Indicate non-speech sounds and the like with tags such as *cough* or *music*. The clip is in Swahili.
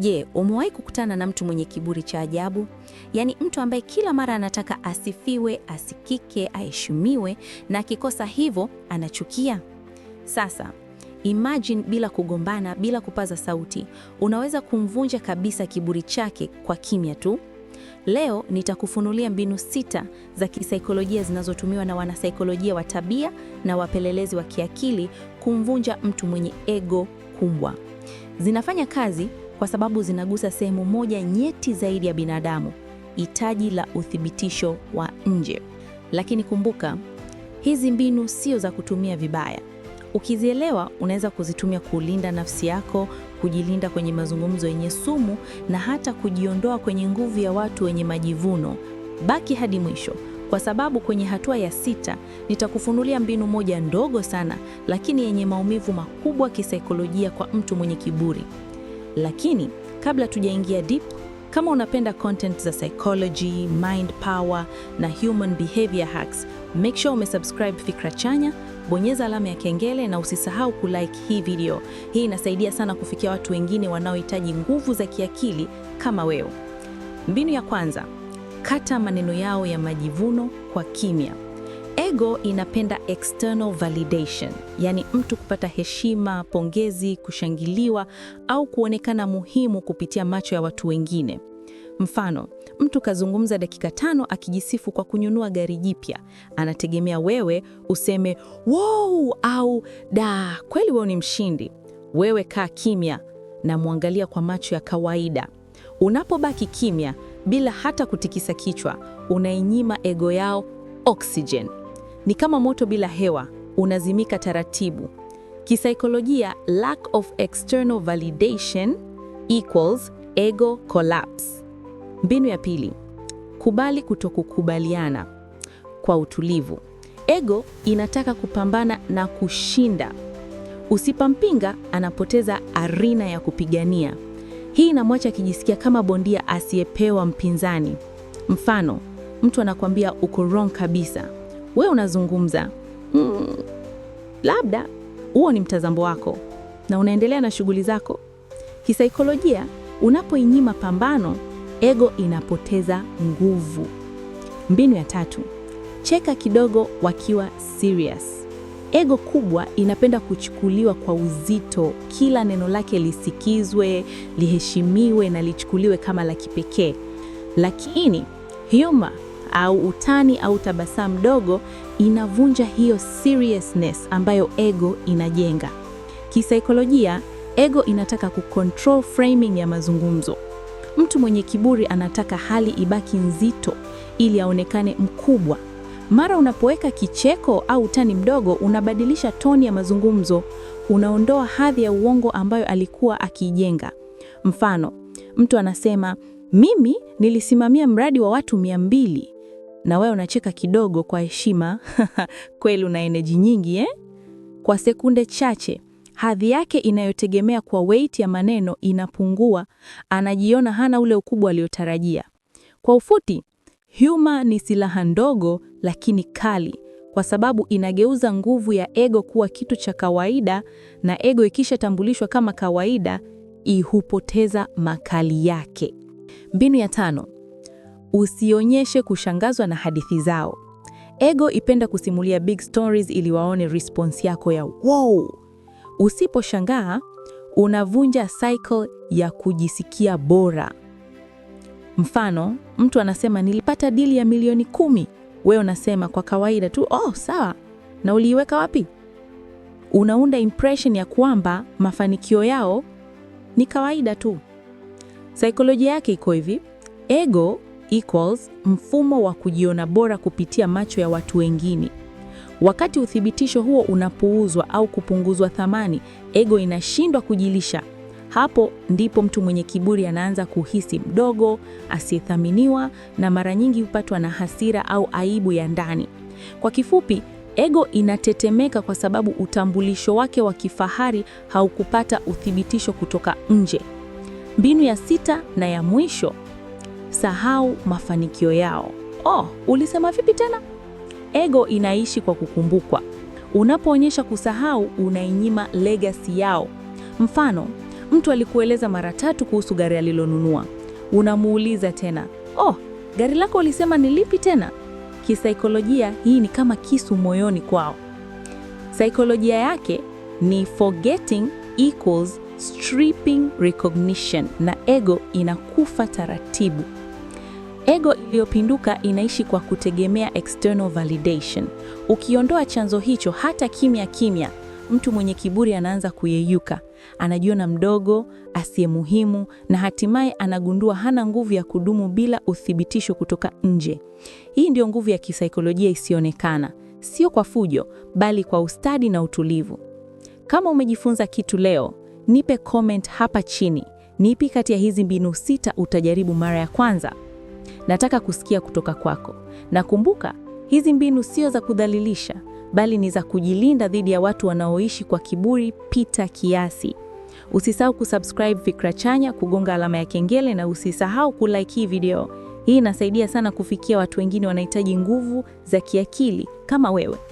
Je, umewahi kukutana na mtu mwenye kiburi cha ajabu? Yaani mtu ambaye kila mara anataka asifiwe, asikike, aheshimiwe na akikosa hivyo anachukia. Sasa imagine bila kugombana, bila kupaza sauti, unaweza kumvunja kabisa kiburi chake kwa kimya tu. Leo nitakufunulia mbinu sita za kisaikolojia zinazotumiwa na wanasaikolojia wa tabia na wapelelezi wa kiakili kumvunja mtu mwenye ego kubwa. Zinafanya kazi kwa sababu zinagusa sehemu moja nyeti zaidi ya binadamu, hitaji la uthibitisho wa nje. Lakini kumbuka, hizi mbinu sio za kutumia vibaya. Ukizielewa, unaweza kuzitumia kulinda nafsi yako, kujilinda kwenye mazungumzo yenye sumu, na hata kujiondoa kwenye nguvu ya watu wenye majivuno. Baki hadi mwisho, kwa sababu kwenye hatua ya sita nitakufunulia mbinu moja ndogo sana, lakini yenye maumivu makubwa kisaikolojia kwa mtu mwenye kiburi. Lakini kabla tujaingia deep, kama unapenda content za psychology, mind power na human behavior hacks, make sure umesubscribe Fikra Chanya, bonyeza alama ya kengele na usisahau kulike hii video. Hii inasaidia sana kufikia watu wengine wanaohitaji nguvu za kiakili kama wewe. Mbinu ya kwanza, kata maneno yao ya majivuno kwa kimya. Ego inapenda external validation, yaani mtu kupata heshima, pongezi, kushangiliwa au kuonekana muhimu kupitia macho ya watu wengine. Mfano, mtu kazungumza dakika tano akijisifu kwa kunyunua gari jipya, anategemea wewe useme wow au da, kweli wewe ni mshindi. Wewe kaa kimya na muangalia kwa macho ya kawaida. Unapobaki kimya bila hata kutikisa kichwa, unainyima ego yao oxygen. Ni kama moto bila hewa, unazimika taratibu. Kisaikolojia, lack of external validation equals ego collapse. Mbinu ya pili, kubali kutokukubaliana kwa utulivu. Ego inataka kupambana na kushinda. Usipampinga, anapoteza arena ya kupigania. Hii inamwacha akijisikia kama bondia asiyepewa mpinzani. Mfano, mtu anakwambia uko wrong kabisa wewe unazungumza mm, labda huo ni mtazamo wako na unaendelea na shughuli zako. Kisaikolojia, unapoinyima pambano, ego inapoteza nguvu. Mbinu ya tatu, cheka kidogo wakiwa serious. Ego kubwa inapenda kuchukuliwa kwa uzito, kila neno lake lisikizwe, liheshimiwe na lichukuliwe kama la kipekee. Lakini humor au utani au tabasamu dogo inavunja hiyo seriousness ambayo ego inajenga. Kisaikolojia, ego inataka kucontrol framing ya mazungumzo. Mtu mwenye kiburi anataka hali ibaki nzito ili aonekane mkubwa. Mara unapoweka kicheko au utani mdogo, unabadilisha toni ya mazungumzo, unaondoa hadhi ya uongo ambayo alikuwa akijenga. Mfano, mtu anasema mimi nilisimamia mradi wa watu mia mbili na wewe unacheka kidogo kwa heshima *laughs* kweli una eneji nyingi eh? Kwa sekunde chache hadhi yake inayotegemea kwa weight ya maneno inapungua, anajiona hana ule ukubwa aliotarajia. Kwa ufupi, humor ni silaha ndogo lakini kali, kwa sababu inageuza nguvu ya ego kuwa kitu cha kawaida, na ego ikishatambulishwa kama kawaida, ihupoteza makali yake. Mbinu ya tano: Usionyeshe kushangazwa na hadithi zao. Ego ipenda kusimulia big stories ili waone response yako ya wow. Usiposhangaa, unavunja cycle ya kujisikia bora. Mfano, mtu anasema nilipata dili ya milioni kumi, wewe unasema kwa kawaida tu oh, sawa, na uliiweka wapi? Unaunda impression ya kwamba mafanikio yao ni kawaida tu. Saikolojia yake iko hivi: ego equals mfumo wa kujiona bora kupitia macho ya watu wengine. Wakati uthibitisho huo unapuuzwa au kupunguzwa thamani, ego inashindwa kujilisha. Hapo ndipo mtu mwenye kiburi anaanza kuhisi mdogo, asiyethaminiwa na mara nyingi hupatwa na hasira au aibu ya ndani. Kwa kifupi, ego inatetemeka kwa sababu utambulisho wake wa kifahari haukupata uthibitisho kutoka nje. Mbinu ya sita na ya mwisho sahau mafanikio yao. Oh, ulisema vipi tena? Ego inaishi kwa kukumbukwa. Unapoonyesha kusahau, unainyima legacy yao. Mfano, mtu alikueleza mara tatu kuhusu gari alilonunua, unamuuliza tena, oh, gari lako ulisema ni lipi tena? Kisaikolojia hii ni kama kisu moyoni kwao. Saikolojia yake ni forgetting equals stripping recognition, na ego inakufa taratibu. Ego iliyopinduka inaishi kwa kutegemea external validation. Ukiondoa chanzo hicho, hata kimya kimya, mtu mwenye kiburi anaanza kuyeyuka, anajiona mdogo, asiye muhimu, na hatimaye anagundua hana nguvu ya kudumu bila uthibitisho kutoka nje. Hii ndiyo nguvu ya kisaikolojia isiyoonekana, sio kwa fujo, bali kwa ustadi na utulivu. Kama umejifunza kitu leo, nipe comment hapa chini. Nipi kati ya hizi mbinu sita utajaribu mara ya kwanza? Nataka kusikia kutoka kwako. Na kumbuka, hizi mbinu sio za kudhalilisha, bali ni za kujilinda dhidi ya watu wanaoishi kwa kiburi pita kiasi. Usisahau kusubscribe Fikra Chanya, kugonga alama ya kengele na usisahau kulike hii video. Hii inasaidia sana kufikia watu wengine wanahitaji nguvu za kiakili kama wewe.